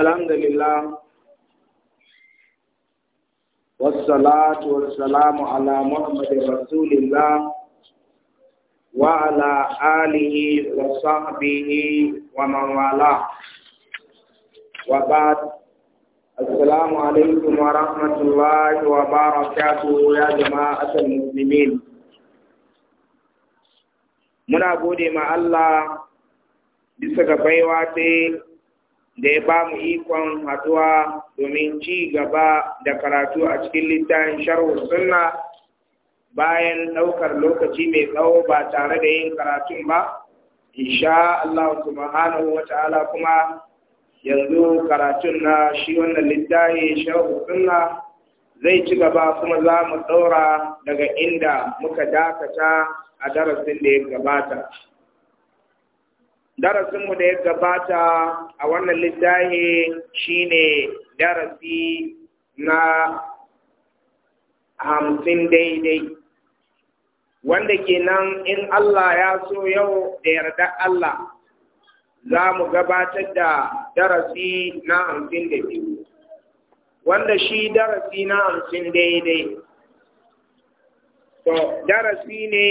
الحمد لله والصلاة والسلام على محمد رسول الله وعلى آله وصحبه ومن والاه وبعد السلام عليكم ورحمة الله وبركاته يا جماعة المسلمين muna gode ma Allah bisa ga baiwa ta da ya ba mu ikon haɗuwa domin ci gaba da karatu a cikin littafin sharhu sunna bayan ɗaukar lokaci mai tsawo ba tare da yin karatun ba insha Allah subhanahu wa ta'ala kuma yanzu karatun na shi wannan littafin sharhu sunna zai ci gaba kuma za mu daura daga inda muka dakata a darasin da ya gabata darasinmu da ya gabata a wannan littafi shine darasi na hamsin daidai wanda kenan in Allah ya so yau da yarda Allah za mu gabatar da darasi na hamsin da biyu wanda shi darasi na hamsin daidai to darasi ne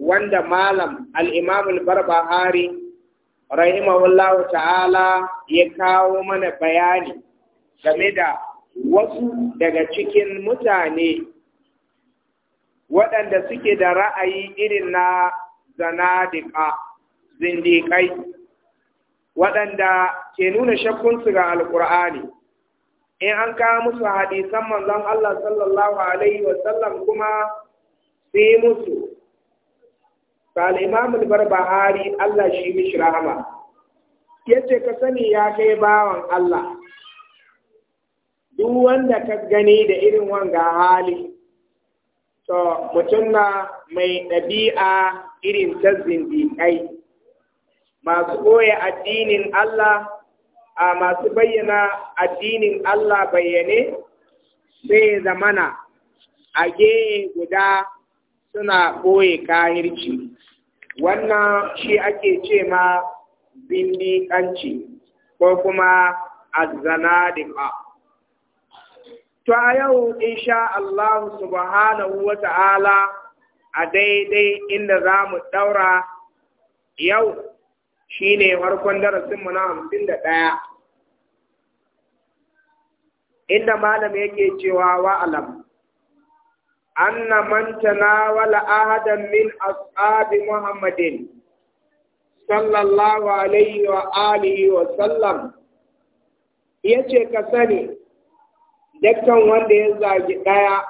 wanda malam al barbahari rahimahullahu ta'ala ya kawo mana bayani game da wasu daga cikin mutane waɗanda suke da ra'ayi irin na zanadika zindikai waɗanda ke nuna shakkunsu ga alƙur'ani in an kawo musu hadisan manzon Allah sallallahu alaihi wasallam kuma sai musu قال إمام البربهاري الله شي مش رحمة yace ka sani ya kai bawan Allah duk wanda ka gani da irin wanga hali to mutum na mai ɗabi'a irin ta zindiƙai masu ɓoye addinin Allah a masu bayyana addinin Allah bayyane sai zamana a guda suna ɓoye kahirci wannan shi ake ce ma zindiƙanci ko kuma azzanadiqa to a yau insha Allah subhanahu wa ta'ala a daidai inda za mu ɗaura yau shi ne farkon mu na hamsin da ɗaya inda malam yake cewa wa'alamu. أن من تناول أحدا من أصحاب محمد صلى الله عليه وآله وسلم yace ka sani dukkan wanda ya zagi ɗaya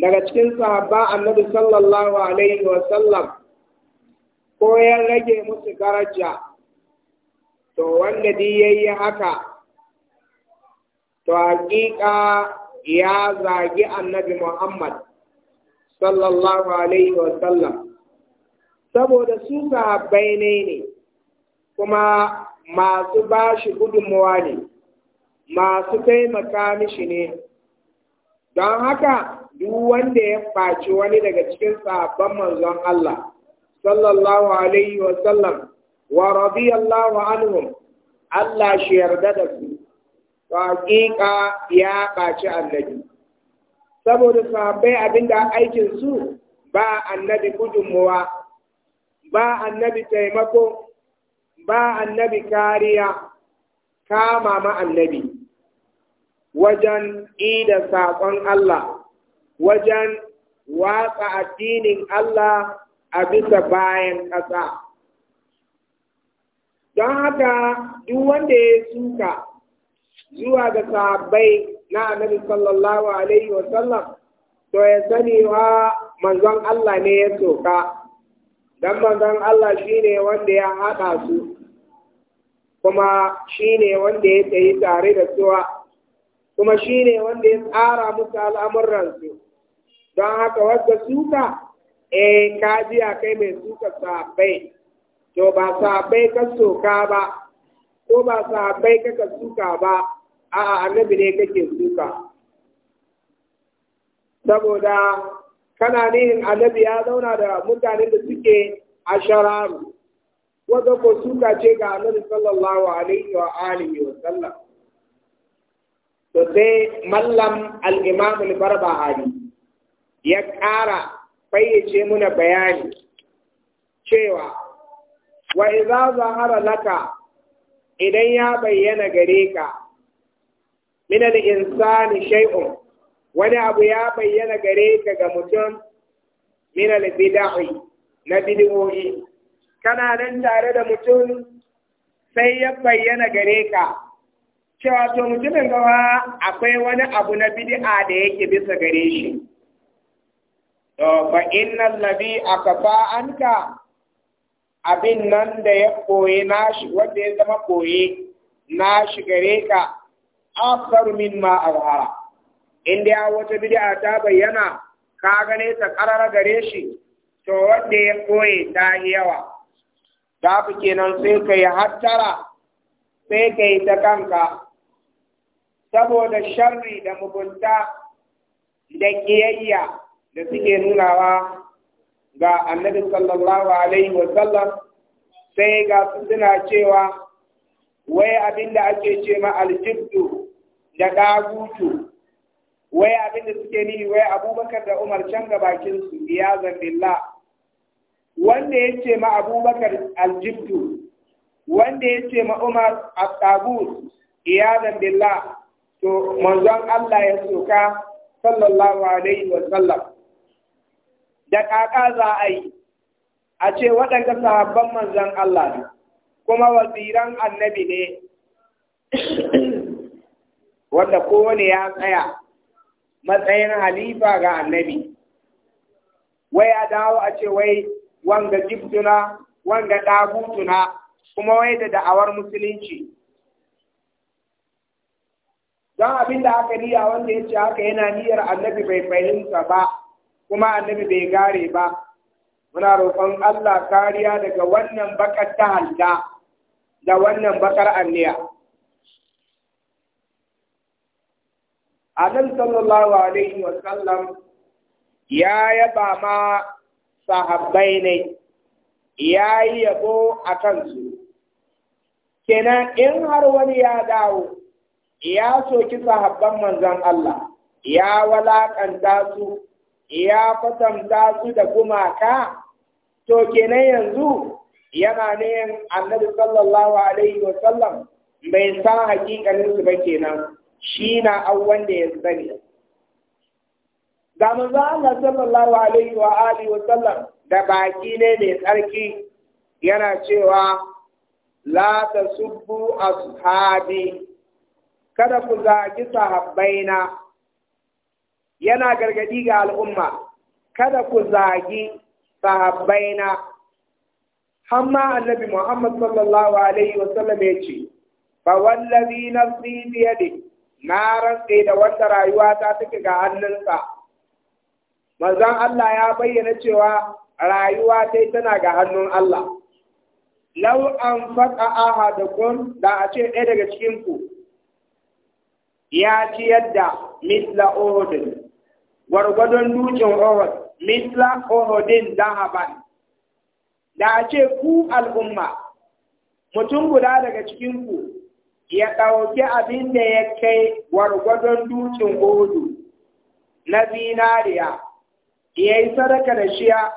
daga cikin sahabba annabi sallallahu alaihi wa sallam ko ya rage musu daraja to wanda dai yayi haka to hakika ya zagi annabi Muhammad sallallahu alaihi wa saboda su sahabbai ne ne kuma masu ba shi gudunmuwa ne masu taimaka mishi ne don haka duk wanda ya faci wani daga cikin sahabban manzon Allah sallallahu alaihi wa sallam wa anhum Allah shi yarda da su to haƙiƙa ya baci annabi saboda sahabbai abinda aikin su ba annabi gudunmuwa ba annabi taimako ba annabi kariya kama ma annabi wajen ida saƙon Allah wajen watsa addinin Allah a bisa bayan ƙasa. Don haka duk wanda ya suka zuwa ga sahabbai na annabi sallallahu alaihi wa sallam to ya sani wa manzon Allah ne ya soka dan manzon Allah shine wanda ya hada su kuma shine wanda ya tsayi tare da suwa kuma shine wanda ya tsara musu al'amuransu don haka wadda suka eh a kai mai suka sahabbai to ba sahabbai ka soka ba ko ba sahabbai ka suka ba a'a annabi ne kake suka saboda kana nihin annabi ya zauna da mutanen da suke a shararu wanda ko suka ce ga annabi sallallahu alaihi wa alihi wa sallam to sai mallam al-imam al-barbahari ya ƙara fayyace muna bayani cewa wa idza zahara laka idan ya bayyana gare ka min al-insani shay'un wani abu ya bayyana gare ka ga mutum min al-bid'i na bid'o'i kana nan tare da mutum sai ya bayyana gare ka cewa to mutumin gawa akwai wani abu na bid'a da yake bisa gare shi to fa innal ladhi akafa anka abin nan da ya koyi nashi wanda ya zama koyi nashi gare ka akthar mimma azhara in dai wata bid'a ta bayyana ka gane ta karara gare shi to wanda ya koye ta yi yawa ta fi kenan sai kai hattara sai kai ta kanka saboda sharri da mugunta da ƙiyayya da suke nunawa ga annabi sallallahu alaihi wa sai ga suna cewa wai abinda ake ce ma aljibdu da ɗagutu wai abin da suke nihi wai abubakar da umar can ga bakin su ya zambilla wanda ya ce ma abubakar aljibtu wanda ya ce ma umar abtabus ya zambilla to manzon Allah ya soka sallallahu alaihi wa sallam da kaka za a yi a ce waɗanda sahabban manzon Allah kuma waziran annabi ne wanda kowane ya tsaya matsayin halifa ga annabi wai ya dawo a ce wai wanga jibtuna wanga ɗagutuna kuma wai da da'awar musulunci don abin da aka niya wanda ya ce haka yana niyyar annabi bai fahimta ba kuma annabi bai gare ba muna roƙon Allah kariya daga wannan bakar ta halda da wannan bakar anniya. annabi sallallahu alaihi wa sallam ya yaba ma sahabbai ne ya yi yabo a kansu kenan in har wani ya dawo ya soki sahabban manzon Allah ya walaƙanta su ya kwatanta su da gumaka to kenan yanzu yana ne annabi sallallahu alaihi wa sallam bai san hakikanin su ba kenan shi na an wanda ya sani ga manzo Allah sallallahu alaihi wa alihi wa sallar da baki ne mai tsarki yana cewa la tasubbu ashabi kada ku zagi su sahabbaina yana gargadi ga al'umma kada ku zagi su sahabbaina hamma annabi Muhammad sallallahu alaihi wa sallam ya ce fa wallazi nafsi bi yadihi na rantse da wanda rayuwa ta take ga hannunsa manzon Allah ya bayyana cewa rayuwa ta tana ga hannun Allah law an faqa ahadukum da a ce ɗaya daga cikin ku ya ci yadda misla ohudin gwargwadon dukin ohud misla ohudin zahaban da a ce ku al'umma mutum guda daga cikinku. ya ɗauki abin da ya kai wargwadon dukin odu na zinariya, ya yi sadaka da shiya,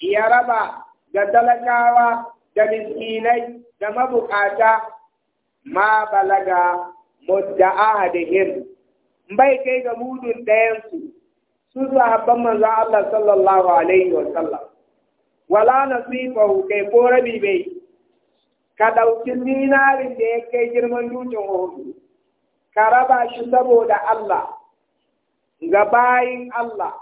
ya raba da talakawa da miskinai da mabukata ma balaga mudda ahadihim bai kai ga mudun ɗayansu su sahabban manzo Allah sallallahu alaihi wa sallam wala nasifahu kai ko rabi bai ka ɗauki dinarin da ya kai girman dutsen hudu ka raba shi saboda Allah ga bayin Allah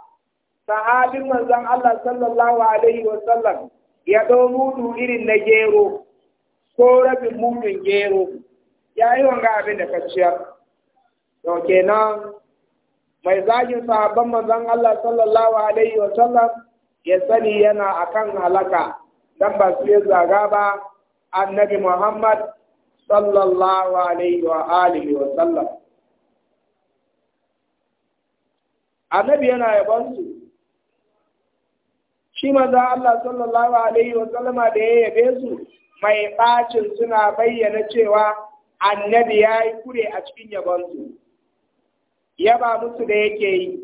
sahabin manzon Allah sallallahu alaihi wa sallam ya ɗau mudu irin na gero ko rabin mudun gero ya yi wanga abin da kaciyar to kenan mai zagin sahabban manzon Allah sallallahu alaihi wa sallam ya sani yana akan halaka dan ba su zaga ba annabi Muhammad sallallahu alaihi wa alihi wa sallam annabi yana yabon su shi maza Allah sallallahu alaihi wa sallama da ya yabe su mai bacin suna bayyana cewa annabi ya yi kure a cikin yabonsu yaba musu da yake yi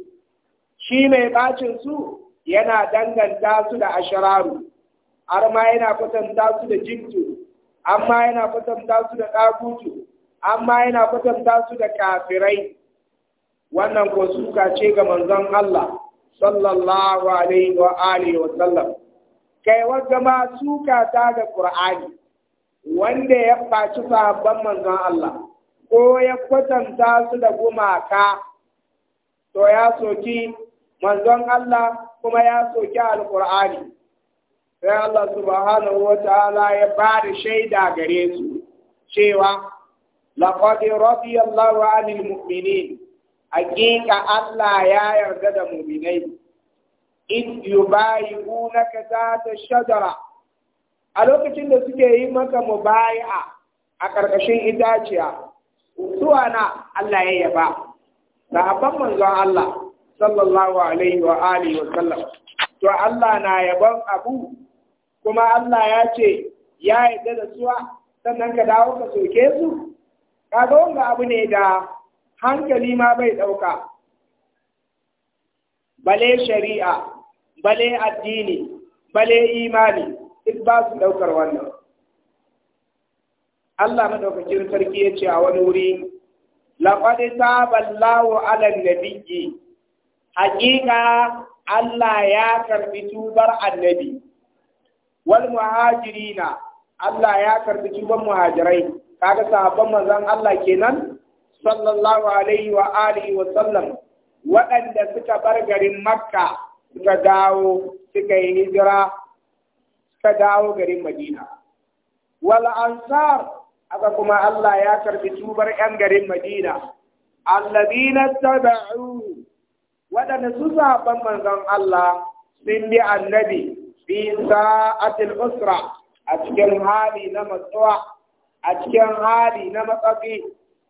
shi mai bacin su yana danganta su da ashararu har ma yana kwatanta su da jintu amma yana kwatanta su da ɗagutu amma yana kwatanta su da kafirai wannan ko suka ce ga manzon Allah sallallahu alaihi wa alihi wa sallam kai wanda ma suka ta da Qur'ani wanda ya faci sahabban manzon Allah ko ya kwatanta su da gumaka to ya soki manzon Allah kuma ya soki alqur'ani sai Allah subhanahu wa ta'ala ya ba da shaida gare su cewa laqad radiyallahu 'anil mu'minin hakika Allah ya yarda da mu'minai in yubayi'unaka zata shajara a lokacin da suke yi maka mubayi'a a ƙarƙashin itaciya zuwa na Allah ya yaba sahabban manzon Allah sallallahu alaihi wa alihi wa sallam to Allah na yaban abu kuma Allah ya ce ya yarda da suwa sannan ka dawo ka soke su kaga wanga abu ne da hankali ma bai ɗauka bale shari'a bale addini bale imani duk ba su ɗaukar wannan Allah madaukakin sarki ya ce a wani wuri laqad taballahu ala nabiyyi haƙiƙa Allah ya karbi tubar annabi wal muhajirina Allah ya karbi tuban muhajirai kaga sahabban manzon Allah kenan sallallahu alaihi wa alihi wa sallam waɗanda suka bar garin Makka suka dawo suka yi hijira suka dawo garin Madina wal ansar aka kuma Allah ya karbi tubar 'yan garin Madina alladina taba'u waɗanda su sahabban manzon Allah sun bi annabi fi sa'atil usra a cikin hali na matsuwa a cikin hali na matsafi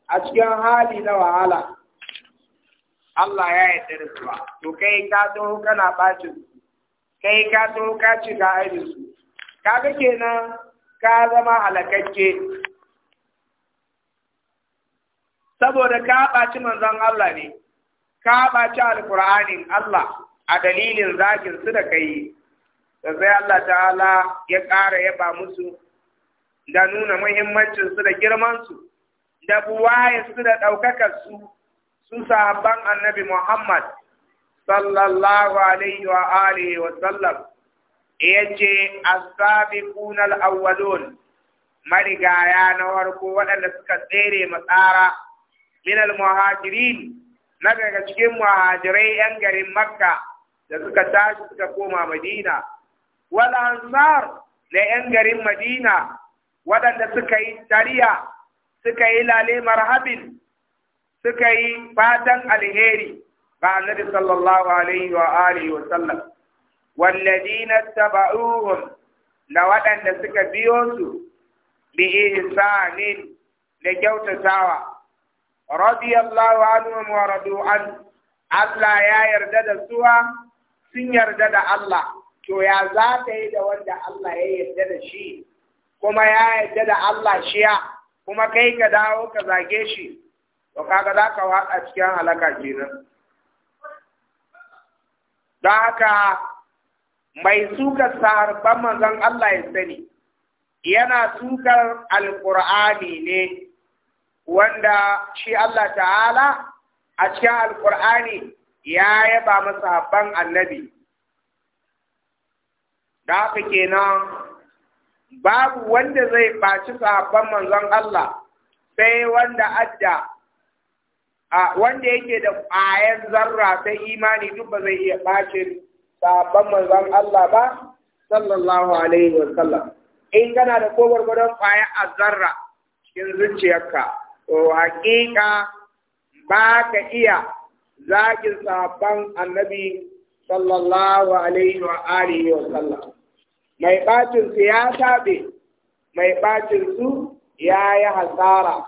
a cikin hali na wahala Allah ya yi dirisuwa to kai ka taho kana bacin kai ka taho ka ci ga aibin su kaga kenan ka zama halakacce. saboda ka ɓaci manzon Allah ne ka ɓaci alƙur'anin Allah a dalilin zagin su da kai da sai Allah ta'ala ya ƙara yaba musu da nuna muhimmancinsu da girmansu da buwayensu da ɗaukakarsu su sahabban annabi Muhammad sallallahu alaihi wa alihi wa sallam ya ce as-sabiquna al-awwalun marigaya na warko waɗanda suka tsere matsara min al-muhajirin na daga cikin muhajirai 'yan garin makka da suka tashi suka koma madina wal ansar yan garin madina waɗanda suka yi tariha suka yi lale marhabin suka yi fatan alheri ga annabi sallallahu alaihi wa alihi wa sallam walladina taba'uhum da waɗanda suka biyo su bi ihsanin da kyautatawa radiyallahu anhum wa radu an Allah ya yarda da suwa sun yarda da Allah to ya za ta yi da wanda Allah ya yarda da shi kuma ya yarda da Allah shiya kuma kai ka dawo ka zage shi to kaga za ka watsa cikin halaka kenan don haka mai suka sarban manzon Allah ya sani yana sukar alƙur'ani ne wanda shi Allah ta'ala a cikin alƙur'ani ya yaba masa habban annabi da haka kenan babu wanda zai baci sahabban manzon Allah sai wanda adda a wanda yake da ƙwayar zarra sai imani duk ba zai iya ɓace sahabban manzon Allah ba sallallahu alaihi wa sallam in kana da ko gwargwadon a zarra cikin zuciyarka to haƙiƙa ba ka iya zagin sahabban annabi sallallahu alaihi wa alihi wa sallam mai bacin su ya taɓe mai bacin su ya yi hasara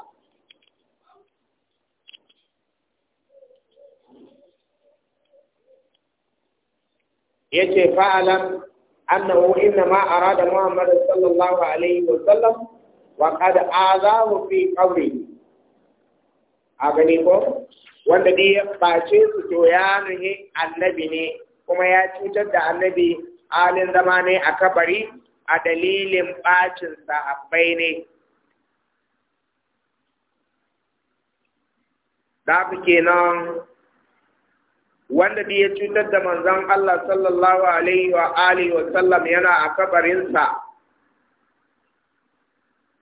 Ya ce fa'alan annahu inna ma da muhammadu sallallahu alaihi wa sallam a za mu fi qawli a gani ko wanda ne ya bace su to ya nuhi annabi ne kuma ya cutar da annabi halin zama ne a kabari a dalilin bacin sahabbai ne da kenan wanda biyar ya cutar da manzan Allah sallallahu alaihi wa alihi wa sallam yana a kabarinsa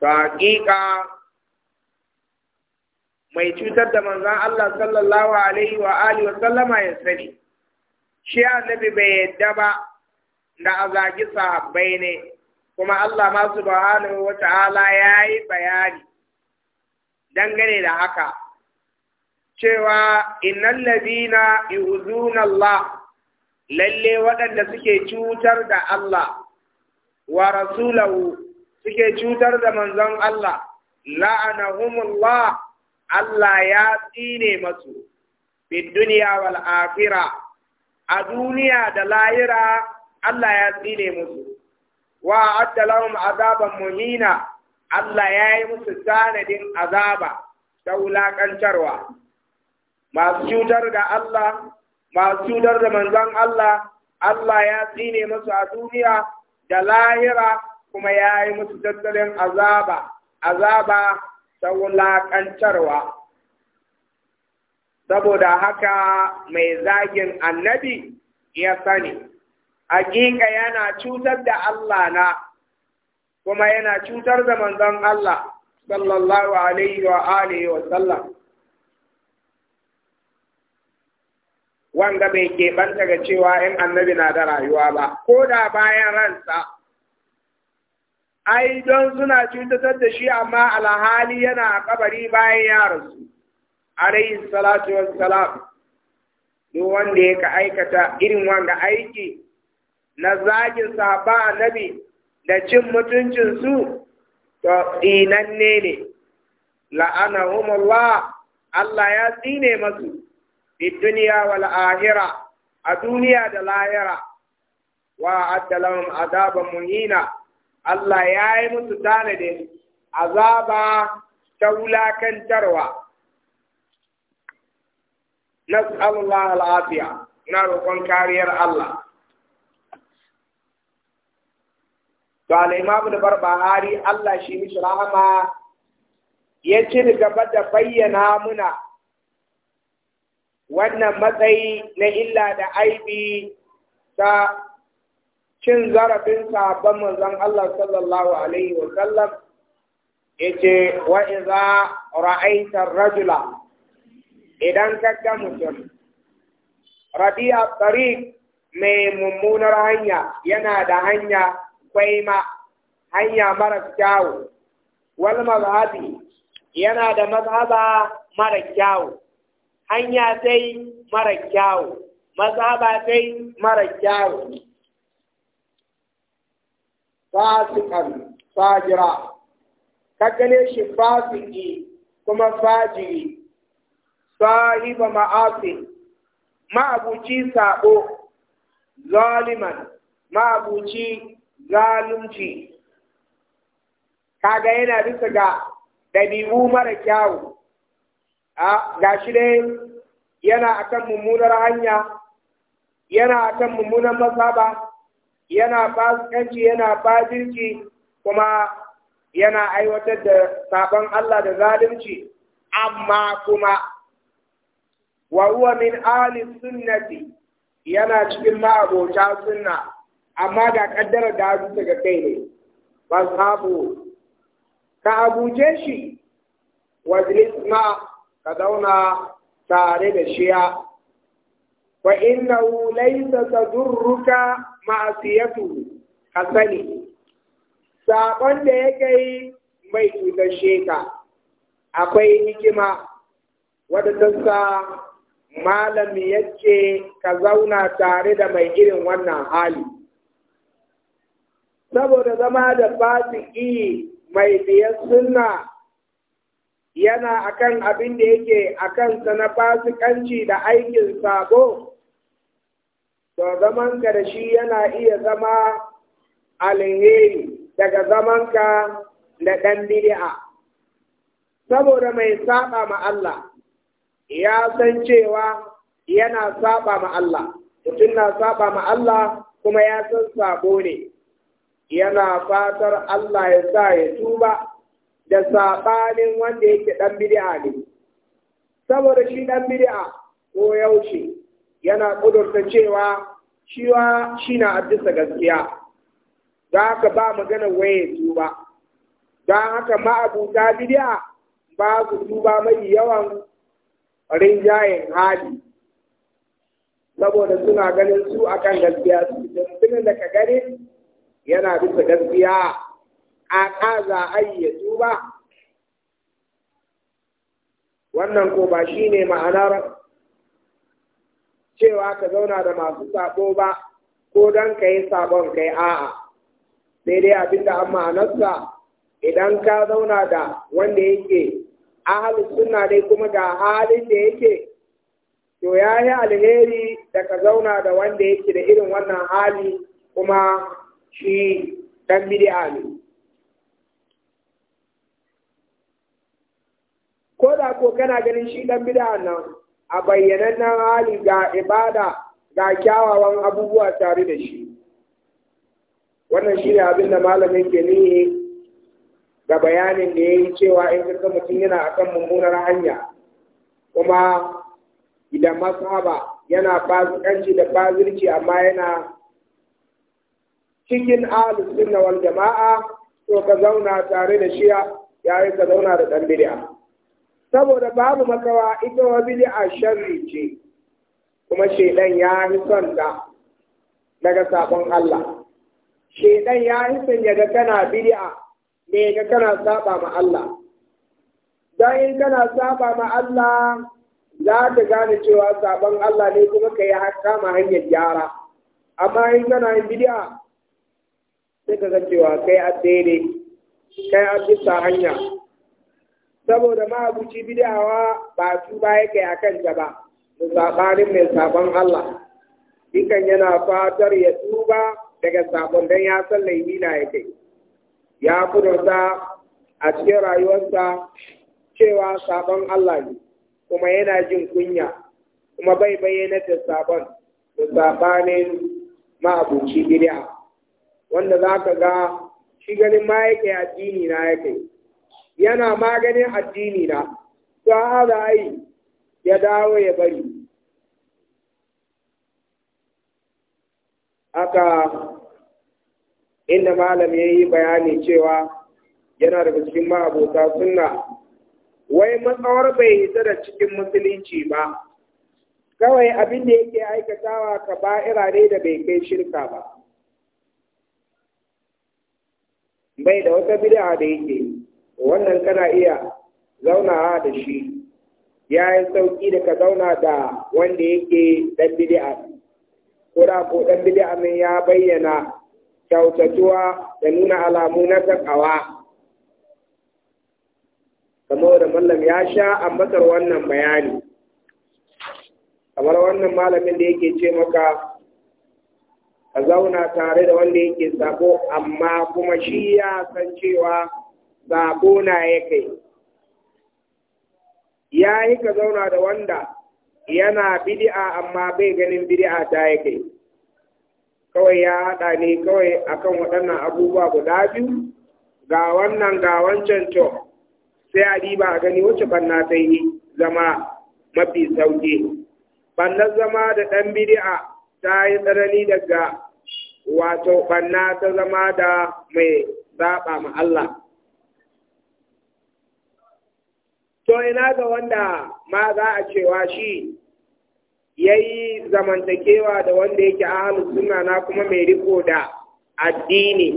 ta hakika mai cutar da manzan Allah sallallahu alaihi wa alihi wa sallama ya sani shi annabi bai yadda ba da a zagi sahabbai ne kuma Allah ma subhanahu wa ta'ala ya yi bayani dangane da haka cewa innal ladina yu'zuna Allah lalle waɗanda suke cutar da Allah wa rasulahu suke cutar da manzon Allah la'anahumullah Allah ya tsine masu fi duniya wal akhirah a duniya da lahira Allah ya tsine musu wa adda lahum azaban muhina Allah ya yi musu tanadin azaba ta wulakantarwa. masu cutar da Allah masu cutar da manzon Allah Allah ya tsine musu a duniya da lahira kuma ya yi musu tattalin azaba azaba ta wulaƙantarwa saboda haka mai zagin annabi ya sani hakika yana cutar da Allah na kuma yana cutar da manzon Allah sallallahu alaihi wa alihi wa sallam wanda bai keɓanta ga cewa 'yan annabi na da rayuwa ba ko da bayan ransa ai don suna cutatar da shi amma alhali yana a kabari bayan ya rasu alaihi salatu salam duk wanda ya ka aikata irin wanga aiki na zagin saba annabi da cin mutuncin su to dinanne ne la'anahum Allah Allah ya tsine masu fi duniya wal ahira a duniya da lahira wa adalahum azaban muhina Allah ya yi musu tanadin azaba ta wulakantarwa nas'alullah al'afiya na roƙon kariyar Allah to al-imam al hari Allah shi mishi rahama ya ci gaba da bayyana muna wannan matsayi na illa da aibi ta cin zarafin sabon manzon Allah sallallahu alaihi wa sallam yace wa idza ra'aita rajula idan ka ga mutum rabi'a tariq mai mummunar hanya yana da hanya kwaima hanya mara kyawu wal mazhabi yana da mazhaba mara kyawu hanya sai mara kyawu mazhaba sai mara kyawu fasikan fajira ka shi fasiki kuma fajiri sahiba ma'asi ma'abuci sabo zaliman ma'abuci zalunci kaga yana bisa ga ɗabi'u mara kyawu a ga shi dai yana akan mummunar hanya yana akan mummunar masaba yana fasikanci yana fajirci kuma yana aiwatar da sabon Allah da zalunci amma kuma wa huwa min ali sunnati yana cikin ma'abota sunna amma ga kaddara da rusa ga kai ne ba haɓu ka abuje shi wajlis ka zauna tare da shiya wa innahu laysa tadurruka ma'asiyatu sani. sabon da ya kai mai cutar sheka. akwai hikima wadda ta sa malami yace ka zauna tare da mai irin wannan hali saboda zama da fasiki mai biyan sunna yana akan abin da yake akan sa na fasikanci da aikin sabo to zaman ka da shi yana iya zama alheri daga zaman ka da ɗan bid'a saboda mai saba ma Allah ya san cewa yana saba ma Allah mutum na saba ma Allah kuma ya san sabo ne yana fatar Allah ya sa ya tuba da saɓanin wanda yake dan bid'a ne. Saboda shi dan bid'a ko yaushe yana kudurta cewa wa shi na addisa gaskiya, Za haka ba maganar waye tuba. Don haka ma ma'abuta bid'a ba su tuba mai yawan rinjayen hali. Saboda suna ganin su akan gaskiya su, da da ka gani yana bisa gaskiya a ƙaza ayyatu ba wannan ko ba shi ne ma'anar cewa ka zauna da masu sabo ba ko don ka sabon kai a'a sai dai abinda an ma'anarsa idan ka zauna da wanda yake halin suna dai kuma ga halin da yake to ya yi alheri da ka zauna da wanda yake da irin wannan hali kuma shi ɗan bid'a ne ko da ko kana ganin shi ɗan bida'a nan a bayyanannen hali ga ibada ga kyawawan abubuwa tare da shi wannan shi ne abin da malamin ke nihi ga bayanin da ya yi cewa in ka mutum yana akan mummunar hanya kuma idan masaba yana fasikanci da fazirci amma yana cikin ahlus na jama'a to ka zauna tare da shiya yayin ka zauna da ɗan bidiya. saboda babu makawa ita wa bid'a sharri ce kuma shaidan ya yi son ta daga sabon Allah Shaidan ya yi son ya ga kana bid'a ne ga kana saba ma Allah Don in kana saba ma Allah za ta gane cewa sabon Allah ne kuma ka yi kama hanyar gyara amma in kana yin bidiya sai ka ga cewa kai a daidai kai a bisa hanya saboda ma'abuci bid'awa ba su ba ya kai akan ta ba da sabanin mai sabon Allah dukan yana fatar ya tuba daga sabon dan ya san laifi na ya kai ya kudurta a cikin rayuwarsa cewa sabon Allah ne kuma yana jin kunya kuma bai bayyana da sabon da sabanin ma'abuci bidawa wanda za ka ga shi ganin ma yake addini na yake yana maganin addini na to haza yi ya dawo ya bari aka inda malam ya yi bayani cewa yana da cikin ma'abota suna wai matsawar bai hita da cikin musulunci ba kawai abin da yake aikatawa ka ba'ira ne da bai kai shirka ba bai da wata bid'a da yake wannan kana iya zaunawa da shi ya yi sauƙi da ka zauna da wanda yake dan bid'a ko da ko dan bid'a mai ya bayyana kyautatuwa da nuna alamu na takawa kamar da mallam ya sha ambatar wannan bayani kamar wannan malamin da yake ce maka a zauna tare da wanda yake sako amma kuma shi ya san cewa sako na ya kai ya yi ka zauna da wanda yana bid'a amma bai ganin bid'a ta ya kai kawai ya haɗa ne kawai akan waɗannan abubuwa guda biyu ga wannan ga wancan to sai a riba a gani wacce banna ta yi zama mafi sauƙi bannan zama da ɗan bid'a ta yi tsanani daga wato ɓanna ta zama da mai zaɓa ma Allah. To ina ga wanda ma za a cewa shi ya yi zamantakewa da wanda yake ahalu suna na kuma mai riko da addini,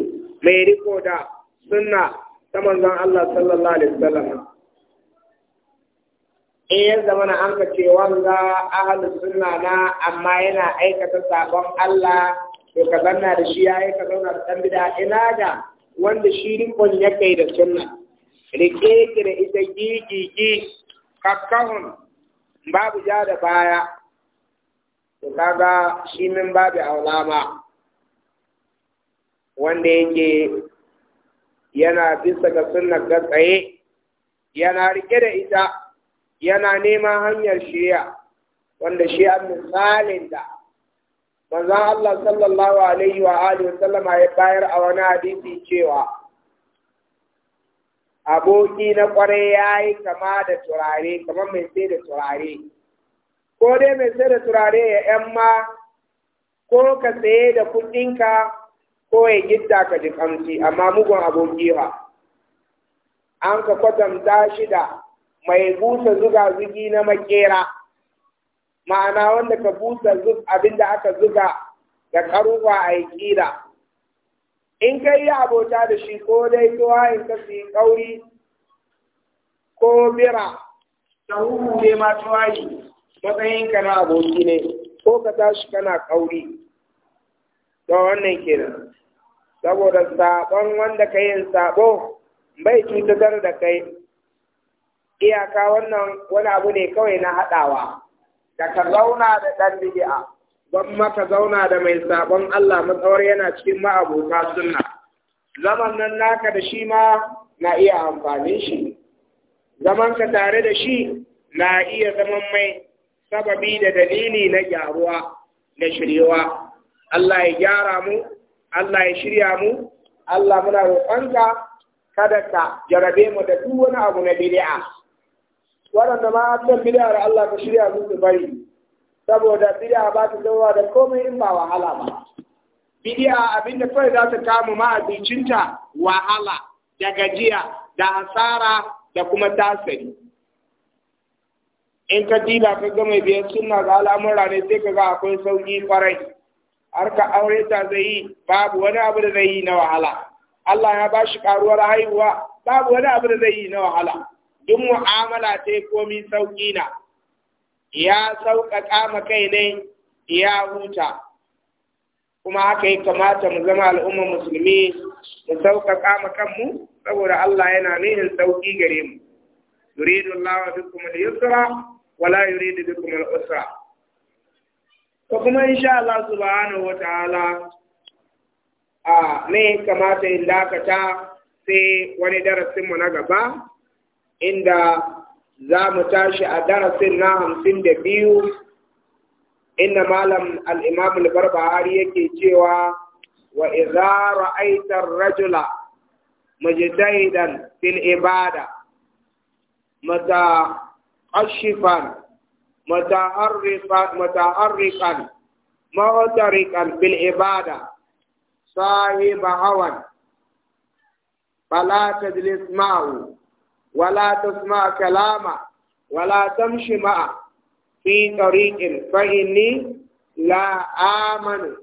mai riko da sunna ta manzon Allah sallallahu Alaihi wasallam. in ya zama na an cewa wanga ahalu sunna na amma yana aikata sabon Allah to ka zanna da shi ya yi ka zauna da ɗan bid'a ina ga wanda shi rikon ya kai da sunna rike ki da ita gigigi gi kakkahun babu ja da baya to kaga shi min babu ba, wanda yake yana bisa ga sunnar ga tsaye yana rike da ita yana neman hanyar shirya wanda shi an misalin da manzon Allah sallallahu alaihi wa alihi wa sallama ya bayar a wani hadisi cewa aboki na kwarai yayi kama da turare kamar mai sai da turare ko dai mai sai da turare ya yan ma ko ka saye da ka, ko ya gidda ka ji kamci amma mugun aboki ba an ka kwatanta shi da mai busa zuga zugi na makera ma'ana wanda ka busa zub abin da aka zuga da karuwa a yi kira in ka yi abota da shi ko dai tuwa in ka su yi kauri ko bira ta huhu ne ma tuwayi matsayin ka na aboki ne ko ka tashi kana kauri to wannan kenan saboda sabon wanda ka yin sabo bai cutar da kai iyaka wannan wani abu ne kawai na haɗawa da zauna da ɗan bid'a gwamma zauna da mai sabon Allah matsawar yana cikin ma'abota sunna zaman nan naka da shi ma na iya amfanin shi zaman ka tare da shi na iya zaman mai sababi da dalili na gyaruwa da shirewa. Allah ya gyara mu Allah ya shirya mu Allah muna roƙonka kada ka jarabe mu da duk wani abu na bid'a waɗanda ma kan bid'a da Allah ka shirya su su bari saboda bid'a ba ta zama da komai in ba wahala ba bid'a abinda kawai za ta kama ma'azincinta wahala da gajiya da asara da kuma tasiri in ka dila ka ga mai biyar suna ga al'amura ne sai ka ga akwai sauki kwarai har ka aure ta zai yi babu wani abu da zai yi na wahala Allah ya ba shi karuwar haihuwa babu wani abu da zai yi na wahala duk mu'amala ta komi sauƙi na, ya sauƙaƙa makai kai ne ya huta, kuma haka ya kamata mu zama al'umma musulmi mu sauƙaƙa makanmu, kanmu saboda Allah yana nihin sauƙi gare mu. Yuridu Allah bikum al-yusra wala yuridu bikum al-usra. Ko kuma insha Allah subhanahu wa ta'ala a ne kamata in dakata sai wani darasin mu na gaba inda za mu tashi a darasin na hamsin da biyu inda malam al'imam barbahari yake cewa wa iza ra'aitar rajula mujtahidan fil ibada mata ashifan متحرقا معترقا في العبادة hawan bala ta jilis ma'u ولا تسمع كلاما ولا تمشي معه في طريق فإني لا آمن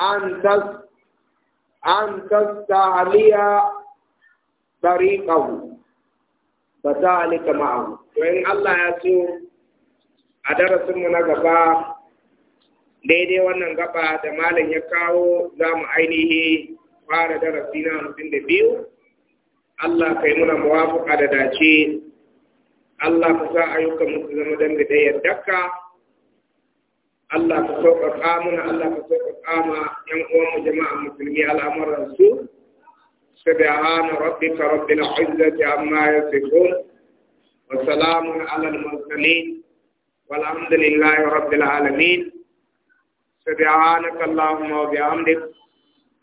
أن تس أن تستعلي طريقه فذلك معه وإن الله يسوع a darasinmu na gaba daidai wannan gaɓa da malam ya kawo za mu ainihi fara darasi na hamsin da biyu Allah ka kai muna a da dace, Allah ku sa ayyukan muku zama dangi da yaddaka, Allah ku sauƙaƙa muna Allah ku ka kama ‘yan uwan mu jama’a musulmi al’amuran su, su da hannu rabbi ka rabbi na ƙwazzaki amma ya fito, wa salamu alal mursali, walhamdulillahi rabbil alamin, su da hannu kallon ma'a bi hamdulillahi.